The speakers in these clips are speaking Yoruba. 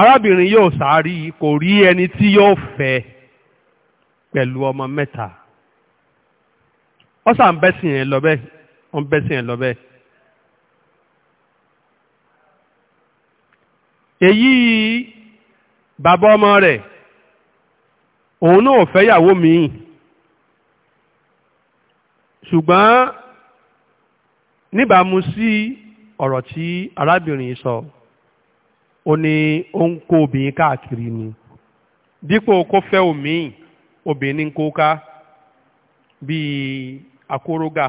arábìnrin yóò sáárí kò rí ẹni tí yóò fẹ́ pẹ̀lú ọmọ mẹ́ta ọ́sà ń bẹ́sìn ẹ̀ lọ́bẹ̀ ó ń bẹ́sìn ẹ̀ lọ́bẹ̀. èyí bàbá ọmọ rẹ̀ òun náà fẹ́yàwó míì ṣùgbọ́n níbàámu sí ọ̀rọ̀ tí arábìnrin sọ. So ó ní ó ń kó obìnrin káàkiri ni dípò kó fẹ́ òmíì obìnrin kó ká bíi akórógà.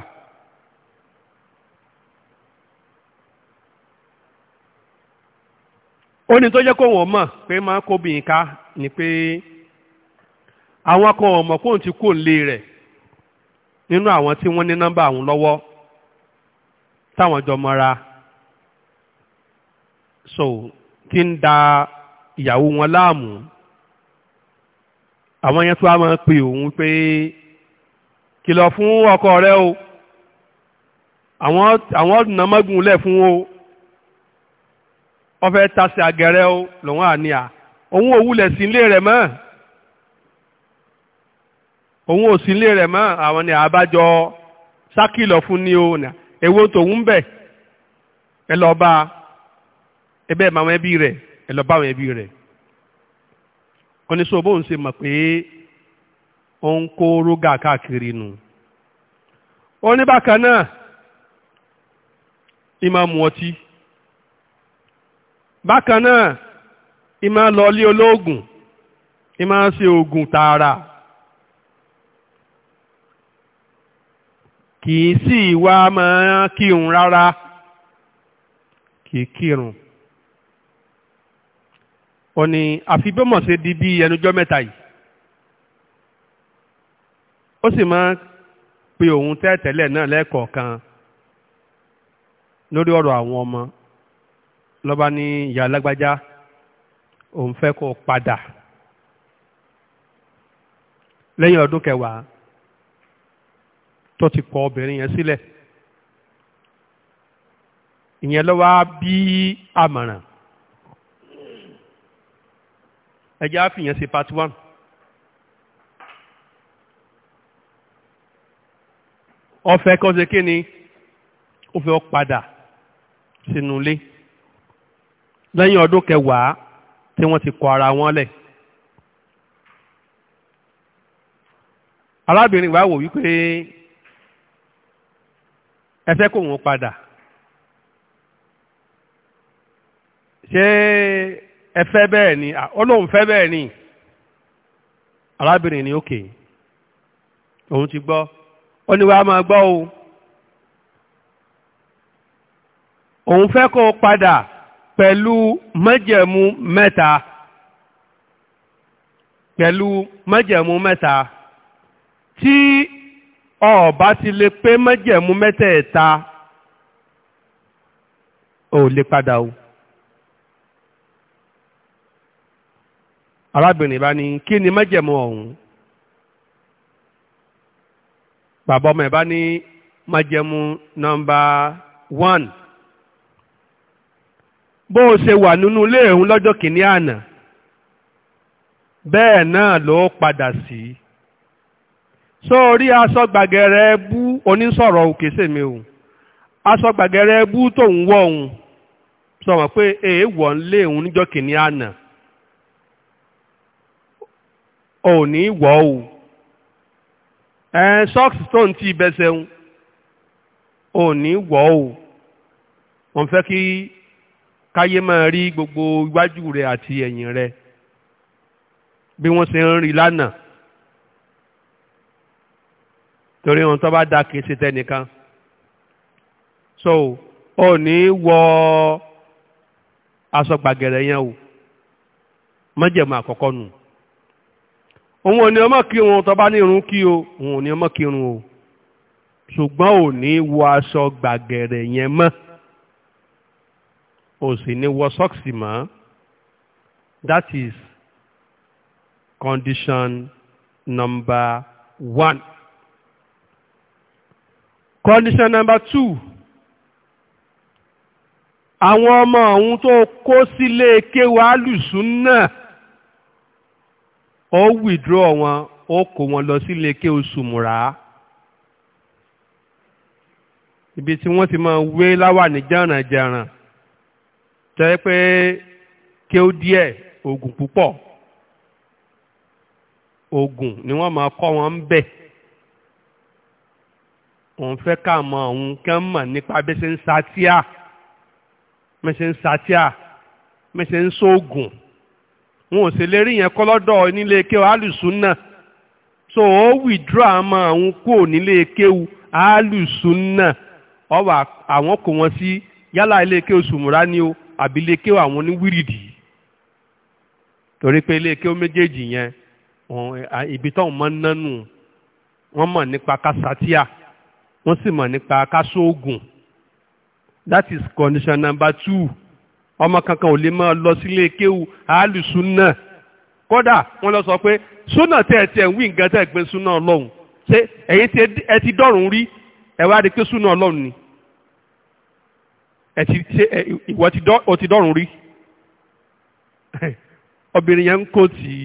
ó ní tó jẹ́ kó wọ́n mọ̀ pé máa kóbìnrin ká ni pé àwọn kan ọ̀mọ̀ kóun ti kó lé rẹ̀ nínú àwọn tí wọ́n ní nọ́mbà àwọn lọ́wọ́ táwọn jọ mọ́ra so tí ń da ìyàwó wọn láàmú àwọn yẹn tó wá máa pe òun pé kìlọ̀ fún ọkọ rẹ o àwọn àwọn ọ̀nà mọ́gùn lẹ̀ fún o wọ́n fẹ́ tasí agẹrẹ o lòun àníyà òun ò wulẹ̀ sí ilé rẹ̀ mọ́ òun ò sí ilé rẹ̀ mọ́ àwọn ni àbájọ sákìlọ̀ fún ni o èwo tòun bẹ̀ ẹ lọ bá a ẹbẹ́ ẹ̀ máa wọn ẹbí rẹ̀ ẹ lọ bá wọn ẹbí rẹ̀ ó ní sọ bóun ṣe mọ̀ pé ó ń kó rógà káàkiri mu ọtí bákan náà ìmọ̀ lọ lé olóògùn ìmọ̀ ṣe kì í sì wá máa kírun rárá kì í kírun ó ní àfi bọ́mọ̀ ṣe di bí ẹnujọ́ mẹ́ta yìí ó sì máa pe òun tẹ́tẹ́lẹ̀ náà lẹ́ẹ̀kọ̀ọ̀kan lórí ọ̀rọ̀ àwọn ọmọ lọ́ba ní ìyá alágbájá òun fẹ́ kó padà lẹ́yìn ọdún kẹwàá tó ti kọ obìnrin yẹn sílẹ̀ ìyẹn ló bí àmọ̀ràn ẹjẹ́ á fìyàn ṣe part one. ọ̀fẹ́ kan ṣe kí ni ó fẹ́ padà sínú ilé lẹ́yìn ọdún kẹwàá tí wọ́n ti kọ ara wọn lẹ̀. arábìnrin wa wò wípé ẹ fẹ́ kó wọn padà ṣé ẹ fẹ́ bẹ́ẹ̀ ni ọlọ́run fẹ́ bẹ́ẹ̀ ni arábìnrin ni òkè òun ti gbọ́ ó ní wàá máa gbọ́ o òun fẹ́ kó o padà pẹ̀lú májẹ̀mú mẹ́ta pẹ̀lú májẹ̀mú mẹ́ta tí o ti lè pé májẹ̀mú mẹ́tẹ̀ẹ̀ta ò lè padà o. arábìnrin bá ní kí ni májẹ̀mú ọ̀hún bàbá ọmọ ẹ̀ bá ní májẹ̀mú nọ́mbà one bó o ṣe wà nínú ilé òun lọ́jọ́ kìíní àná bẹ́ẹ̀ náà ló padà sí sórí aṣọ gbàgẹ̀rẹ̀ bú onísọ̀rọ̀ òkè sèmi o aṣọ gbàgẹ̀rẹ̀ bú tóun wọ̀ òun sọ wọn pé èèwọ̀ ń lé òun níjọ́ kìíní àná ò ní wọ̀ o ẹ sọ́ọ̀sì tó ń ti bẹsẹ̀ ń ò ní wọ̀ o wọ́n fẹ́ kí káyé máa rí gbogbo iwájú rẹ̀ àti ẹ̀yìn rẹ̀ bí wọ́n ṣe ń rí lánàá torí wọn tó bá dá kìí ṣe tẹnìkan so ò ní wọ aṣọ gbàgẹ̀rẹ̀ yẹn o májẹ̀mú àkọ́kọ́ nù òun ò ní ọmọ kí òun tó bá ní irun kí o òun ò ní ọmọ kí irun o ṣùgbọ́n ò ní wọ aṣọ gbàgẹ̀rẹ̀ yẹn mọ́ ò sì ní wọ sọ́ọ̀sì mọ́ that is condition number one. condition number two àwọn ọmọ ọ̀hún tó kó sílé kéwàá lùsùn náà ó wìdúrọ̀ wọn ó kó wọn lọ sílé ké oṣù múra ibi tí wọ́n ti máa wé láwà ní jẹ̀rànjẹ̀ràn tẹ́ pé kí ó díẹ̀ oògùn púpọ̀ oògùn ni wọ́n máa kọ́ wọn ń bẹ̀ òun fẹ́ ká mọ òun kẹ́ mọ̀ nípa bí ṣe ń satíà bí ṣe ń satíà bí ṣe ń sóògùn. So wọn ò sì lè rí yẹn kọ́ lọ́dọ̀ nílé kéwù alùsùnà so ó wìdúrà àmọ́ àwọn kò nílé kéwù alùsùnà ọwọ́ àwọn kò wọ́n sí yálà ilé kéwù sùmùrà ni o àbí ilé kéwù àwọn oníwírìdì torí pé ilé kéwù méjèèjì yẹn ibi tó ń mọ nánú wọ́n mọ̀ nípa kásátíà wọ́n sì mọ̀ nípa kásóògùn that is condition number two ọmọ kankan ò lè máa lọ sílé kéwu àálùsúnà kódà wọn lọ sọ pé súnà tẹ ẹ tẹ ń wí nǹkan tẹ ẹ gbé súnà ọlọ́run ṣé ẹ̀yin ẹ ti dọ̀rùn rí ẹ wá pé súnà ọlọ́run ni ẹ ti ṣe ẹ ìwọ ọ ti dọ̀rùn rí obìnrin yẹn ń kó tì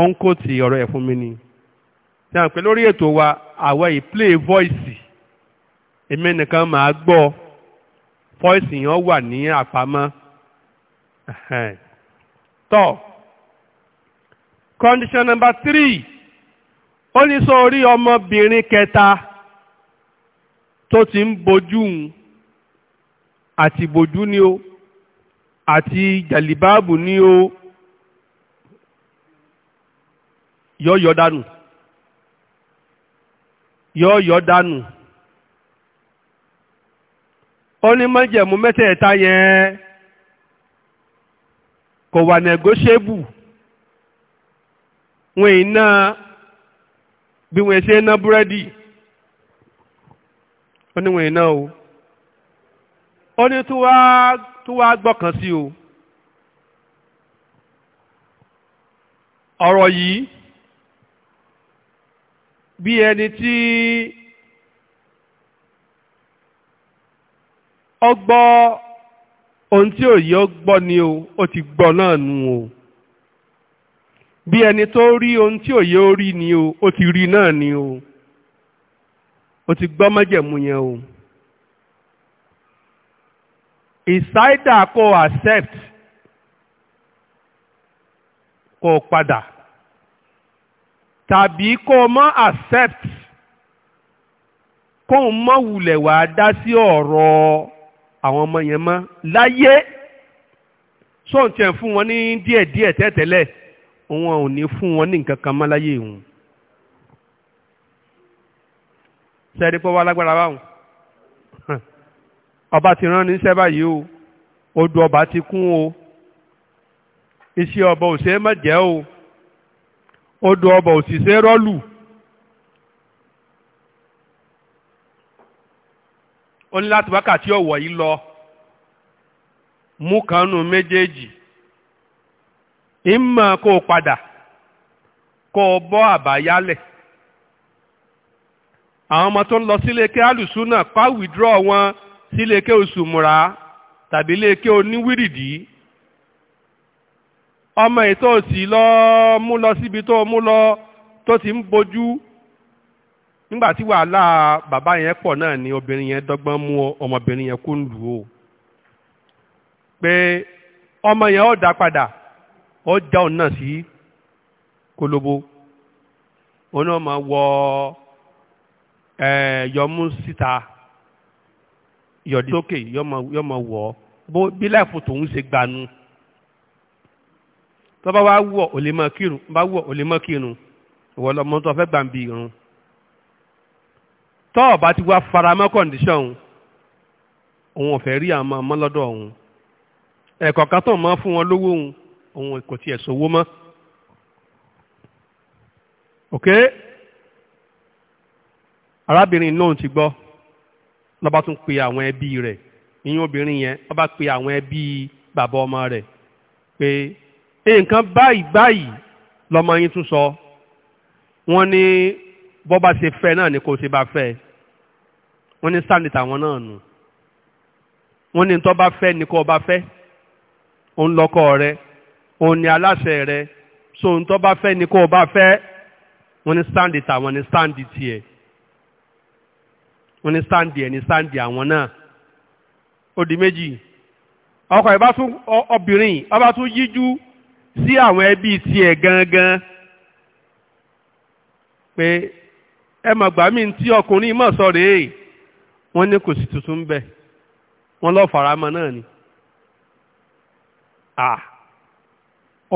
ó ń kó tì ọ̀rọ̀ ẹ̀ fún mi ni ṣe à lórí ètò wa àwa ì play voice èmi nìkan màá gbọ́ ọ. pọ́ìsì yẹn wà ní àpamọ́ tọ́ condition number three ó ní sọ orí ọmọbìnrin kẹta ti ń bojú ń àti bojú ni ó àti ni ó yọ yọ dànù yọ ó ní májẹ̀mú mẹ́tẹ̀ẹ̀ta yẹn kò wà nẹ̀gọ́ṣẹ́bù wọn iná bí wọn ṣe ná búrẹ́dì ó ní wọn iná o ó ní tó tó wá gbọ́kàn sí o ọ̀rọ̀ yìí bí ẹni tí. ọgbọ́ ohun tí ò yẹ ni o ó ti gbọ́ náà nu o bí ẹni tó rí ohun tí ò yẹ ó rí ni o ó ti rí náà ni o ó ti gbọ́ májẹ̀mú yẹn o ìsáídà ko accept kò pada. tàbí ko mọ́ accept ko mọ́ wulẹ̀ wàá dá sí ọ̀rọ̀ àwọn ọmọ yẹn mọ́ láyé sóǹtẹ̀ fún wọn ní díẹ̀díẹ̀ tẹ́tẹ́lẹ̀ wọn ò ní fún wọn ní nǹkan kan mọ́ láyé ìhùn sẹ́ẹ̀dí pọ́ wá lágbára báwọn ọba ti rán níṣẹ́ báyìí o odò ọba ti kún o iṣẹ́ ọba ò ṣe é o odò ọba ò rọ́lù. ó ní láti wákàtí ọ̀wọ̀ yìí lọ mú kanú méjèèjì ìmọ̀ kó o padà kó o bọ́ àbáyálẹ̀ àwọn ọmọ tó ń lọ sílé ké alùsùnà pa withdraw wọn sílé ké oṣù múra tàbí ilé ké ọmọ ètò òsì lọ mú lọ síbi tó mú lọ tó ti ń bojú nígbà tí wàhálà bàbá yẹn pọ̀ náà ni obìnrin yẹn dọ́gbọ́n mú ọmọbìnrin yẹn kó ń lù ú pé ọmọ yẹn ó dá padà ó já òun náà sí kolobo òun náà máa wọ ẹ yọmú síta yọdí sókè yọmọ wọ bó bí láìpò tòun ṣe gbanu tọ́ba wá wọ̀ ò kírun bá wọ̀ ò kírun ìwọ lọmọ tó irun tọ́ ọ̀bá ti wá faramọ́ kọ̀ǹdíṣọ̀n òun ọ̀fẹ́ rí àwọn ọmọ lọ́dọ̀ òun ẹ̀kọ́ kan tó mọ́ fún wọn lówó òun òun kò tiẹ̀ sówó mọ́ ok arábìnrin náà ti gbọ́ lọ́ba tún pe àwọn ẹbí rẹ̀ ìyẹn obìnrin yẹn lọ́ba pe àwọn ẹbí bàbá ọmọ rẹ̀ pé nǹkan báyìí báyìí lọ́mọ yín tún sọ wọ́n ní bọ́ bá ṣe fẹ́ náà ni kò ṣe bá fẹ́ wọ́n ní sáàni tàwọn náà nù wọ́n ní tó bá fẹ́ ni kò bá fẹ́ òun lọ́kọ rẹ òun ni aláṣẹ rẹ so òun tó bá fẹ́ ni kò bá fẹ́ wọ́n ní sáàni tàwọn ní sáàni tiẹ̀ wọ́n ní sáàni ẹ̀ ní sáàni àwọn náà ó di méjì ọkọ ẹ̀ bá tún obìnrin ọba tún yíjú sí àwọn ẹbí tiẹ̀ gangan pé ẹ mà gbà mí tí ọkùnrin mọ̀ sọ rèé wọ́n ní kò sí tuntun bẹ́ẹ̀ wọ́n lọ́ọ́ faramọ́ náà ni.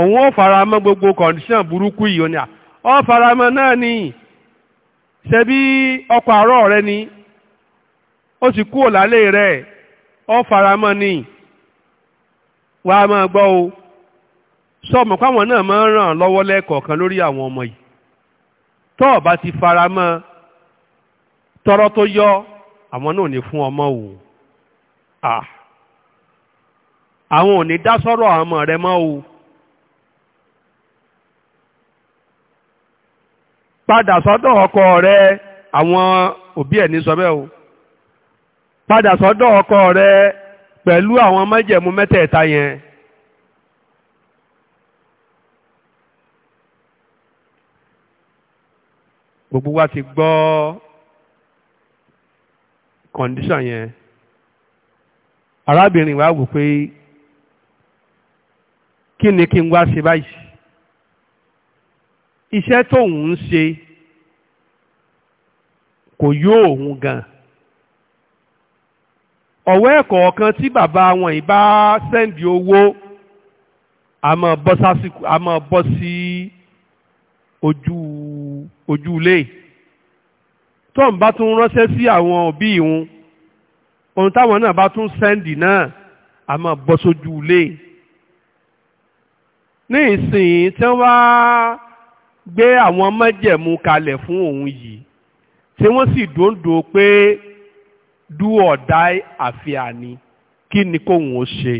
òun ó faramọ́ gbogbo kọ̀ǹdíṣàn burúkú yìí ó ní à ọ́ faramọ́ náà ni ṣebí ọkọ̀ àárọ̀ rẹ ni ó sì kúrò lálẹ́ rẹ ọ́ faramọ́ ni wàá máa gbọ́ o sọ ọmọ pàwọn náà máa ń ràn lọ́wọ́ lẹ́ẹ̀kọ̀ọ̀kan lórí àwọn ọmọ yìí tọ́ ọ bá ti fara mọ́ tọrọ tó yọ àwọn náà ní fún ọmọ wò àwọn ò ní dá sọ́rọ̀ àwọn ọmọ rẹ mọ́ o padà sọ́dọ̀ ọkọ rẹ àwọn òbí ẹ̀ ní sọ bẹ́ẹ̀ o padà sọ́dọ̀ ọkọ rẹ pẹ̀lú àwọn májẹ̀mú mẹ́tẹ̀ẹ̀ta yẹn. gbogbo wa ti gbọ́ kọ̀ǹdíṣàn yẹn arábìnrin wa wò pé kí ni kí n wá ṣe báyìí iṣẹ́ tóun ń ṣe kò yó òun gan ọ̀wọ́ ẹ̀kọ́ kan tí bàbá wọn yìí sẹ́ǹdì owó a bọ́ sí ojú ojú ilé tóun bá tún ránṣẹ́ sí àwọn òbí ìhun ohun táwọn náà bá tún sẹ́ndì náà a máa bọ́ sójú ilé ní ìsìn tí wọ́n wá gbé àwọn májẹ̀mú kalẹ̀ fún òun yìí tí wọ́n sì dòńdò pé do or die àfíà ni kí ni kóun ó ṣe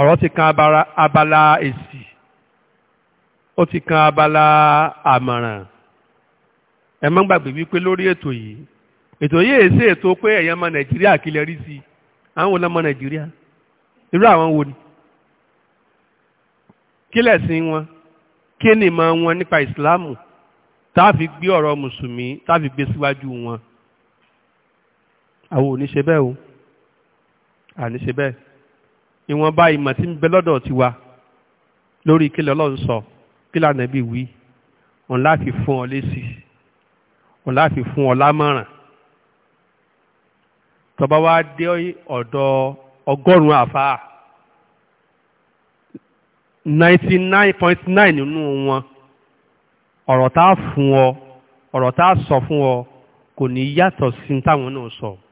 ọ̀rọ̀ ti kan abala èsì ó ti kan abala àmọ̀ràn ẹ má gbàgbé wípé lórí ètò yìí ètò yìí èsì ètò pé ẹ̀yàn ọmọ nàìjíríà kí lè rí sí i àwọn wo lọ́mọ nàìjíríà irú àwọn wo ni kí lẹ̀sìn wọn kí ni ìmọ̀ wọn nípa ìsìláàmù tá a gbé ọ̀rọ̀ mùsùlùmí tá gbé síwájú wọn àwọn ò ní ṣe bẹ́ẹ̀ o à ṣe bẹ́ẹ̀ ìwọ̀nba ìmọ̀ tí ń bẹ lọ́dọ̀ tiwa lórí kílẹ̀ ọlọ́run sọ kílẹ̀ ànábì wí òun láfi fún ọ lésì òun láfi fún ọ lámọ̀ràn tọba wa dé ọ̀dọ̀ ọgọ́rùn-ún àfáà ninety nine point nine nínú wọn ọ̀rọ̀ tá a fún ọ ọ̀rọ̀ tá a sọ fún ọ kò ní yàtọ̀ sí táwọn náà sọ. So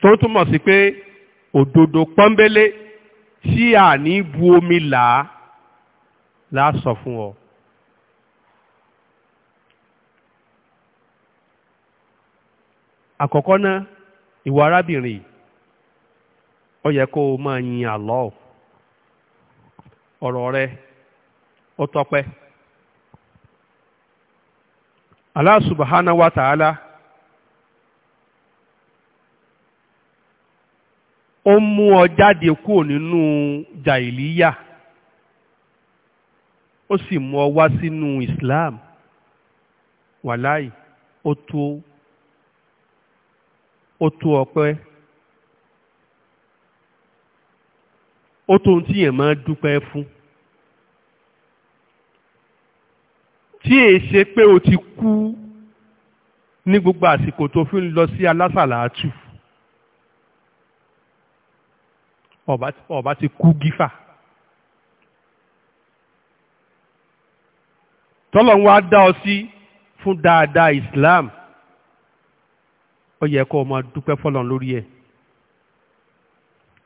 tó túmọ̀ sí pé òdodo pọ́nbélé tí a ní bu omi là á sọ fún ọ. àkọ́kọ́ náà ìwà arábìnrin Ọ yẹ kó o máa yin Allah ọ̀rọ̀ rẹ ó tọ́pẹ́. Allah subhanahu wa ó ń mú ọ jáde kúrò nínú jàìlíyà ó sì mú ọ wá sínú Islam wàláì ó tó ó tó ọpẹ́ ó tó ohun tí yẹn máa dúpẹ́ fún tí èé ṣe pé o ti kú ní gbogbo àsìkò tó fi ń lọ sí alásàlátù. ọba ti kú gífà tọ́lọ̀ ń wá dá ọ sí fún dáadáa Islam ó yẹ kó o máa dúpẹ́ fọ́lọ́n lórí ẹ̀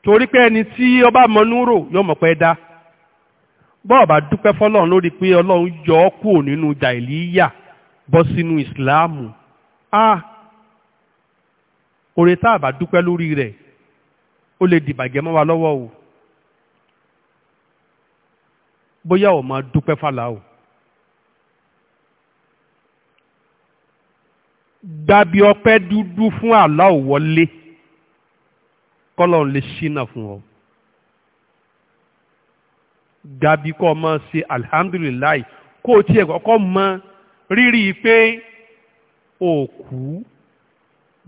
torí pé ẹni tí ọba mọnúrò yóò mọ̀ pé dá bọ́ọ̀ bá dúpẹ́ fọ́lọ́n lórí pé ọlọ́run yọ ọ́ kúrò nínú jàìlíyà bọ́ sínú Islam ah oore tá a bá dúpẹ́ lórí rẹ̀ ó lè dìbàjẹ́ mọ́ wa lọ́wọ́ o bóyá ò máa dúpẹ́ fàlà o gbàbí ọpẹ́ dúdú fún àlá ò wọlé kọ́lọ̀ lè ṣínà fún ọ gbàbí kọ́ ọ máa ṣe alihamdulilayi kó o tiẹ̀ kọ́kọ́ mọ rírì pé òkú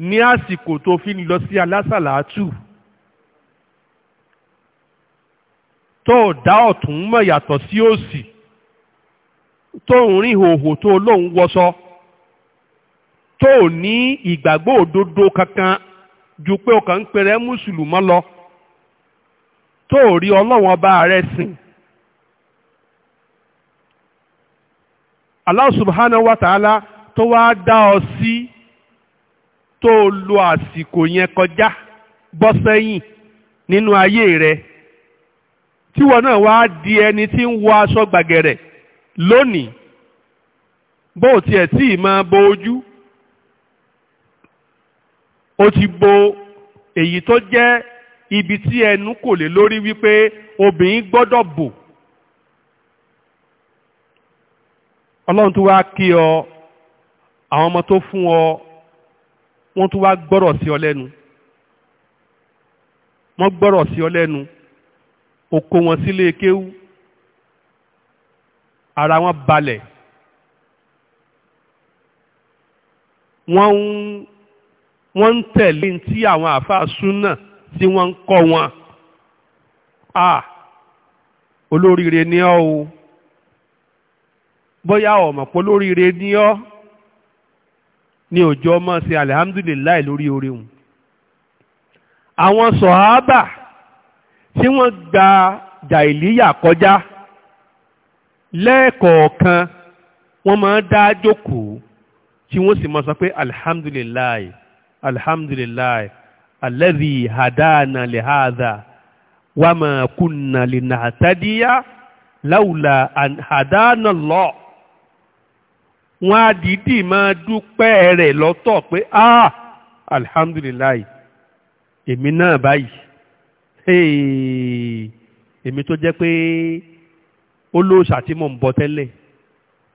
ní àsìkò tó fi lọ sí alásàlátù. Si tó dá ọ̀tún mọ̀ yàtọ̀ sí òsì tó ń rìn hòhò tó lóun wọṣọ tó ní ìgbàgbọ́ òdodo kankan ju pé o kàn ń pèrè mùsùlùmọ́ lọ tó rí ọlọ́run ọba rẹ sìn Allah subhanahu wa ta'ala tó wá dá ọ sí tó lo àsìkò yẹn kọjá bọ́ sẹ́yìn nínú ayé rẹ̀. tí wọn náà wá di ẹni tí ń wọ aṣọ gbàgẹ̀rẹ̀ lónìí bó o tiẹ̀ tí ì máa bo ojú o ti bo èyí tó jẹ́ ibi tí ẹnu kò lè lórí wípé obìnrin gbọ́dọ̀ bò ọlọ́run tó wá kí ọ àwọn ọmọ tó fún ọ wọ́n tó wá gbọ́rọ̀ sí ọ lẹ́nu wọ́n gbọ́rọ̀ sí ọ lẹ́nu ó kó wọn sílé kéwú ara wọn balẹ̀ wọ́n ń wọ́n ń tẹ̀lé tí àwọn àáfàá súnà tí wọ́n ń kọ́ wọn a olóríire ni ọ́ o bóyá ọ̀mọ̀ pé olóríire ni ọ́ ni òjò ọmọ ṣe alihamudulilayi lórí orí wọn àwọn sọ̀hábà. So tí wọ́n gba jàìlíyà kọjá lẹ́ẹ̀kọ̀ọ̀kan wọ́n máa dá jókòó tí wọ́n sì máa sọ pé alhamdulilayi alhamdulilayi alladhi hadana lihada wama kunna linahtadiya lawla an hadana Allah wọ́n á dìídì máa dúpẹ́ rẹ̀ lọ́tọ̀ pé ah alhamdulilayi èmi náà báyìí èmi tó jẹ́ pé olóòṣà tí mò ń bọ tẹ́lẹ̀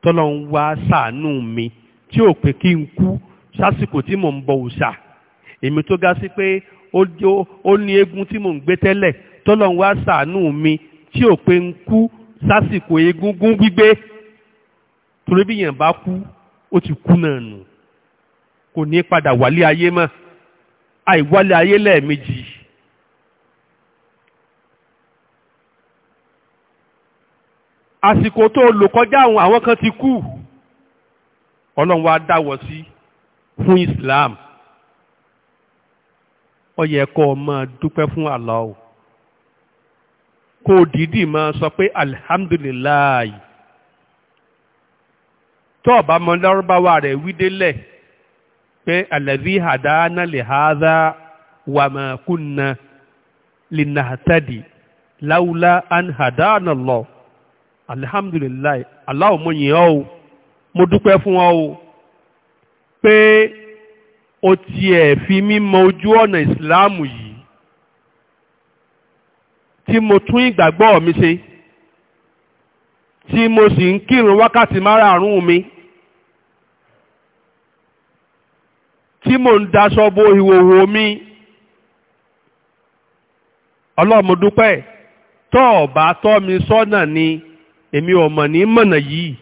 tọ́lọ́ ń wá ṣàánú mi tí ò pé kí n kú sásìkò tí mò ń bọ òòṣà èmi tó ga sí pé ó ní eégún tí mò ń gbé tẹ́lẹ̀ tọ́lọ́ ń wá ṣàánú mi tí ò pé n kú sásìkò egúngún gbígbé torí bí yẹn bá kú ó ti kú náà nù kò ní padà wálé ayé mọ́ àìwálé ayé lẹ́ẹ̀mejì àsìkò tó lò kọjá àwọn kan ti kú ọlọ́run wa fún Islam ó yẹ dúpẹ́ fún Allah o kó o sọ pé alihamudulilayi tó o mọ rẹ̀ wídélẹ̀ pé alẹ́bí àdáná lè háàdá wà máa alihamdulilayi aláwọ̀ mo yìn ọ́ o mo dúpẹ́ fún ọ o pé o tiẹ̀ fi mí mọ ojú ọ̀nà ìsìláàmù yìí tí mo tún ìgbàgbọ́ mi ṣe tí mo sì ń kírun wákàtí márààrún mi tí mo ń daṣọ bo ìhòòhò mi ọlọ́mọdúpẹ́ tọ́ ọ̀bá tọ́ mi sọ́nà ni èmi ọmọ ní mọ̀nà yìí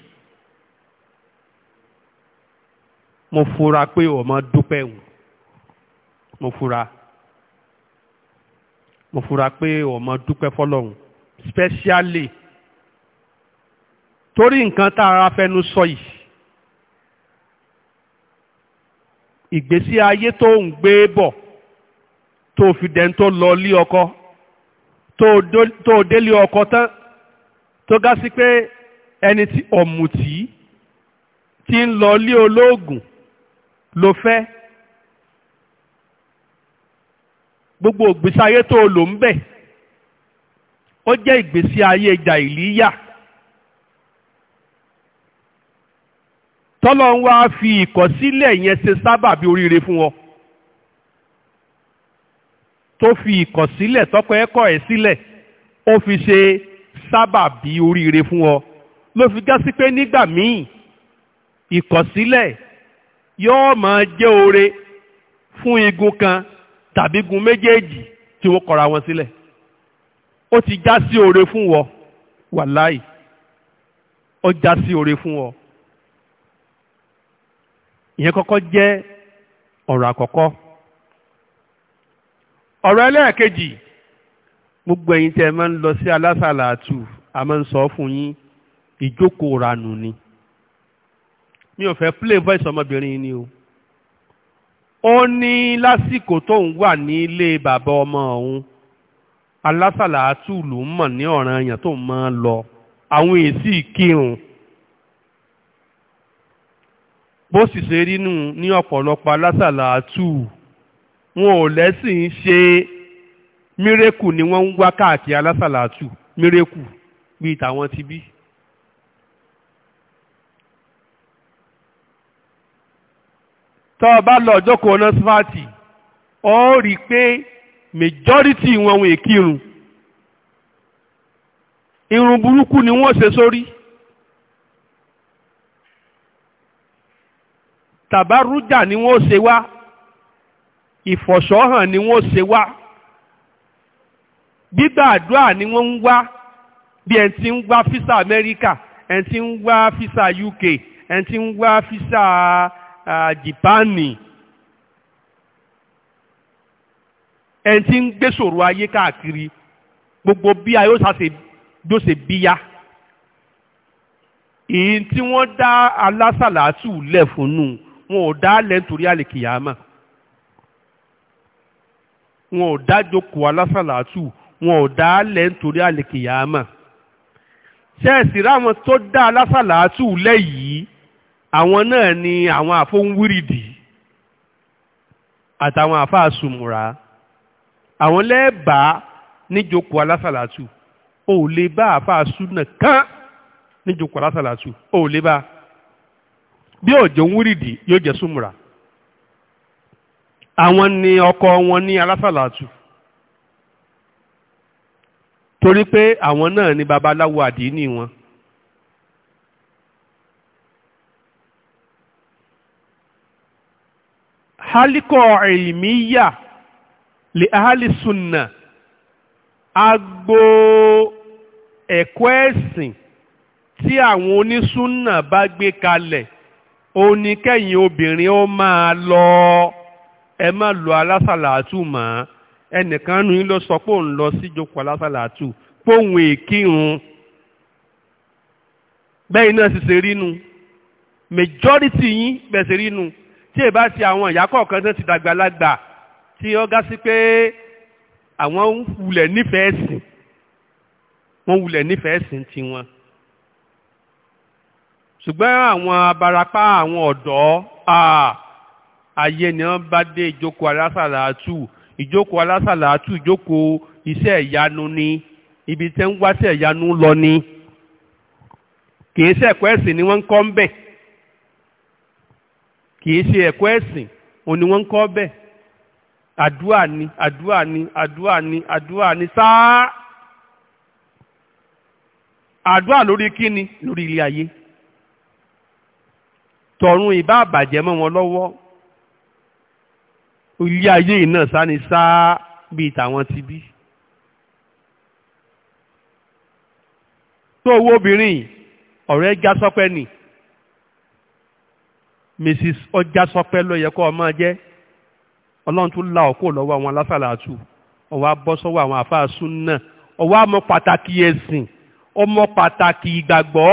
mo fura pé ọmọ dúpẹ́ wù mo fura mo fura pé ọmọ dúpẹ́ fọlọ́hun spẹ́ṣíálì torí nǹkan tá ara fẹnu sọ yìí ìgbésí ayé tó ń gbé bọ̀ tó fi dẹ́n tó lọ lé ọkọ tó délé ọkọ tán tó ga sí pé ẹni tí ọ̀mùtí ti ń lọ lé olóògùn ló fẹ́ gbogbo ìgbésí ayé tó lò ń bẹ̀ ó jẹ́ ìgbésí ayé jàìlíyà tọ́lọ́ ń wá fi ìkọ̀sílẹ̀ yẹn ṣe sábàbí oríire fún ọ tó fi ìkọ̀sílẹ̀ tọ́pẹ́ ẹ̀kọ́ ẹ̀ sílẹ̀ ó fi ṣe sábàbí oríire fún ọ ló fi já sí pé nígbà míì ìkọ̀sílẹ̀ yóò máa jẹ́ oore fún igun kan tàbí igun méjèèjì tí wọ́n kọra wọn sílẹ̀ ó ti já sí oore fún ọ wàláì ó já oore fún ọ ìyẹn kọ́kọ́ jẹ́ ọ̀rọ̀ àkọ́kọ́ ọ̀rọ̀ ẹlẹ́ẹ̀kejì gbogbo ẹ̀yin tẹ́ ẹ máa ń lọ sí alásàlátù a máa ń sọ fún yín ìjókòó ranù ni mi ò fẹ́ play voice ọmọbìnrin ni o ó ní lásìkò tóun wà nílé bàbá ọmọ òun alásàlátù ló ń mọ̀ ní ọ̀ràn èèyàn tóun máa ń lọ àwọn èsì kírun bó sì ṣe rí nù ní ọ̀pọ̀lọpọ̀ alásàlátù wọn ò lẹ́sìn ṣe Mireku ni wọ́n ń wá káàkiri alásàlátù mírèkù bíi tàwọn ti bí. tọ́ ọ bá lọ ọjọ́kọ̀ ọ̀nà sífàtì ọ rí i pé majority wọn wọn èkìrun irun burúkú ni wọ́n ṣe sórí. tàbárújà ni wọ́n ṣe wá ìfọ̀ṣọ́ ni wọ́n ṣe wá gbígbà àdúrà ni wọ́n ń wá bí ẹni tí ń wá físà amẹ́ríkà ẹni tí ń wá físà uk ẹni tí ń wá físà jìpáànì ẹni tí ń gbèsòrò ayé káàkiri gbogbo bí a yóò ṣàṣe yóò ṣe bíyá èyí tí wọ́n dá alásàlátù lẹ̀ fúnnú wọn ò dá lẹ́ nítorí àlèkìyàmà wọn ò dá jókòó alásàlátù wọn ò dá lẹ̀ nítorí àlèkìyàmà ṣẹ́ẹ̀sì ráwọn tó dá lásàlátù lẹ́yìí àwọn náà ni àwọn àfóhùnwírìdì àtàwọn àfáà sùmùrà àwọn lẹ́ẹ̀bàá níjókòó alásàlátù ò lè bá àfáà súnà kán níjókòó alásàlátù ò lè bá bí òjò ń wírìdì yóò jẹ́ sùmùrà àwọn ni ọkọ wọn ní alásàlátù torí pé àwọn náà ni babaláwo àdínì wọn. halikọ ìmíyà lè ahalisunna agbo ẹ̀kọ́ ẹ̀sìn tí àwọn onísúnnà bá gbé kalẹ̀ òun obìnrin ó máa lọ ẹ má lọ alásàlátù mọ́ ẹnìkan nu yín ló sọ pé òun lọ sí ìjókòó alásàlátù póun èkírun bẹ́ẹ̀ náà sì ṣe rí nu majority yín bẹ́ẹ̀ ṣe rí nu tí ẹ bá ti àwọn ìyá kọ̀ọ̀kan tó ti dàgbàlagbà tí ó gá sí pé àwọn wulẹ̀ nífẹ̀ẹ́ sìn wọ́n wulẹ̀ nífẹ̀ẹ́ sìn tiwọn ṣùgbọ́n àwọn abarapá àwọn ọ̀dọ́ ààyè ni wọ́n bá dé ìjókòó alásàlátù ìjókòó alásàlátù ìjókòó iṣẹ́ ìyanu ni ibi tẹ́ ń wáṣẹ́ ìyanu lọ ni kìí ṣe ẹ̀kọ́ ẹ̀sìn ni wọ́n ń kọ́ ń bẹ̀ kìí ṣe ẹ̀kọ́ ẹ̀sìn wọ́n ń kọ́ bẹ̀ àdúà ni àdúà ni àdúà ni àdúà ni sáá lórí kíni lórí ilé ayé wọn lọ́wọ́ ilé ayé iná sáni sáá bíi tàwọn ti bí. tó owó obìnrin ọ̀rẹ́ já sọ́pẹ́ nì mrs ọjà sọpẹ́ ló yẹ kó ọ máa jẹ́ ọlọ́run tún la ọ̀kọ́ lọ́wọ́ àwọn alásàlátù ọwọ́ abọ́ sọ́wọ́ àwọn àfáàsù náà ọwọ́ àmọ́ pàtàkì ẹ̀sìn ọmọ pàtàkì ìgbàgbọ́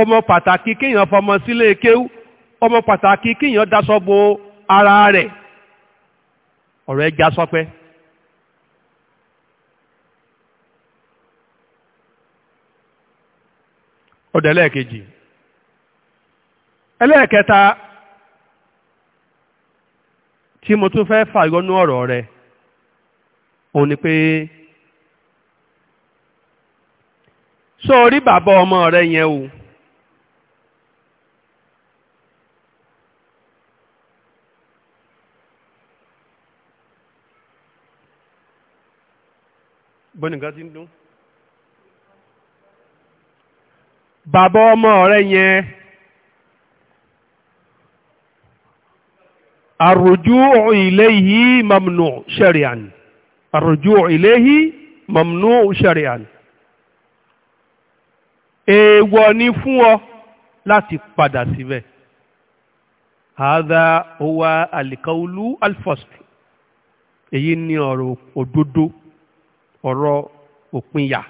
ọmọ pàtàkì kéèyàn fọmọ sílé kéwú ọmọ pàtàkì kéèyàn daṣọ bo ara rẹ̀. ọ̀rọ̀ ẹ já sọ́pẹ́. ẹlẹ́ẹ̀kejì ẹlẹ́ẹ̀kẹta tí mo tún fẹ́ fàyọnú ọ̀rọ̀ rẹ òun ni pé sọ orí bàbá ọmọ rẹ yẹn o. gbọ́ nìkan ti ń dún. bàbá ọmọ ọ̀rẹ́ yẹn àròjú ìléyìí mamnu shari'an àròjú ìléyìí mamnu shari'an èèwọ̀ ni fún ọ láti padà síbẹ̀ hadha huwa alikawulu alfasl èyí ni ọ̀rọ̀ òdodo ọ̀rọ̀ òpinya